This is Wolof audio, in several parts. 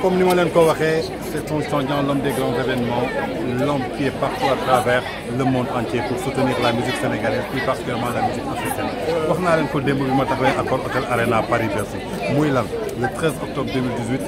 comme nous allons le voir, c'est un changement, l'homme des grands événements l'homme qui est partout à travers le monde entier pour soutenir la musique sénégalaise plus particulièrement la musique africaine Pour nous, un ko démb mouvement à Hôtel Arena Paris Bercy le 13 octobre 2018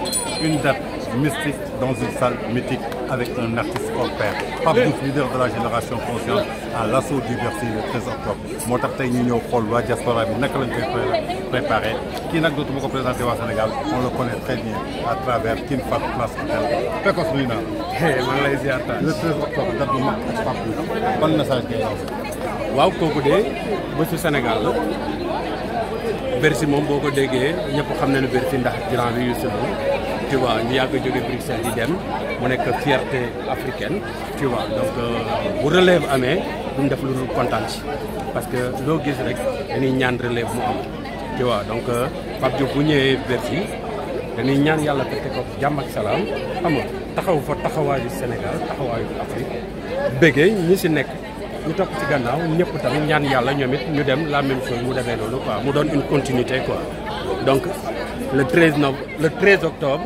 une date mystique dans une salle mythique avec un artiste hors pair Pape Diouf leader de la génération consciente à l'assaut du Bercy le 13 octobre moo tax tey ñu ñëw xool waa diaspora bi naka lañ koy préparé kii nag dootuma ko présenté waa Sénégal on le connaît très bien à travers Kim Fat Place Hôtel Pekos nuyu naa man le 13 octobre date bu mag ak Pape Diouf ban message ngay lancé waaw kooku de monsieur Sénégal la Bercy moom boo ko déggee ñëpp xam nañu Bercy ndax grand bi yu tu vois il ñu yàgg jóge Bruxelles di dem mu nekk fierté africaine tu vois donc euh, on relève à duñ nous ne sommes kontaan contents, parce que l'eau loo gis rek dañuy ñaan relève mu relève, tu vois donc euh, Pape Diop bu ñëwee Bercy dañuy ñaan yàlla fekke ko jàmm ak salaam xam nga taxaw fa taxawaayu Sénégal taxawaayu Afrique bëggee ñi si nekk ñu topp ci gannaaw ñepp tam ñaan yalla ñomit ñu dem la même chose mu defee lolu quoi mu doon une continuité quoi donc le 13 novembre le 13 octobre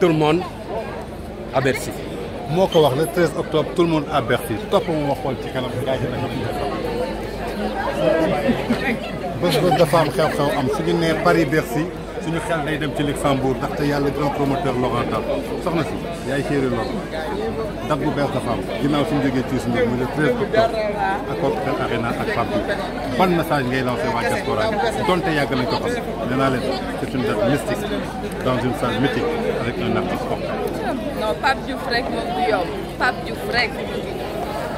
tout le monde à Bercy. Moi, le 13 octobre tout le monde à Bercy topp mu waxoon ci le gars yi dañoo fi bés bés dafa am Paris Bercy. suñu xel day dem ci Luxembourg ndaxte yàlla grand promoteur Laurentin na si yaay chéri Laurent date bu bees dafa am ginnaaw suñu jógee ci suñu mu le 13 octobre ak Hôtel Arena ak Pape ban message ngay lancé waa diaspora bi donte yàgg nañ ko xam nee naa leen c'est une date mystique dans une salle mythique avec un artiste fort. non Pape Diouf rek moom du yomb Pape Diouf rek.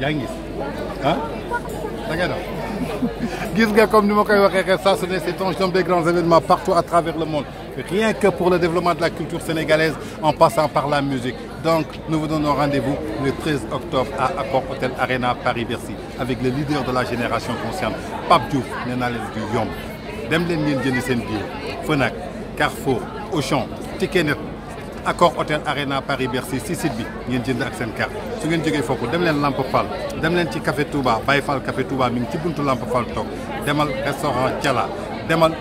yangis hein? D'accord. gisga comme nous koy ça c'est un des grands événements partout à travers le monde rien que pour le développement de la culture sénégalaise en passant par la musique donc nous vous donnons rendez-vous le 13 octobre à Accor Hotel Arena Paris-Bercy avec le leader de la génération consciente Pape Diouf du Yom, dem Carrefour Auchan Ticket accord hôtel Arena Paris Bercy si site bi ngeen jënd ak seen carte su ngeen jógee foofu dem leen lampe Fall dem leen ci café Touba Baye Fall café Touba mi ngi ci buntu lampe Fall toog demal restaurant Thiala demal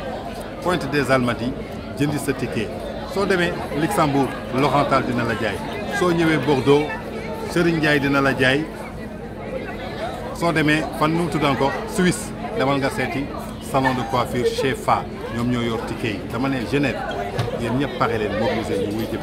Pointe des Almadies jëndi sa ticket soo demee Luxembourg Lorental dina la jaay soo ñëwee Bordeaux Serigne Ndiaye dina la jaay soo demee fan nu mu tudd encore Suisse demal nga seeti salon de coiffure chez Fa ñom ñoo yor ticket dama né Genève yéen ñëpp pare leen mobiliser ñu wuy ci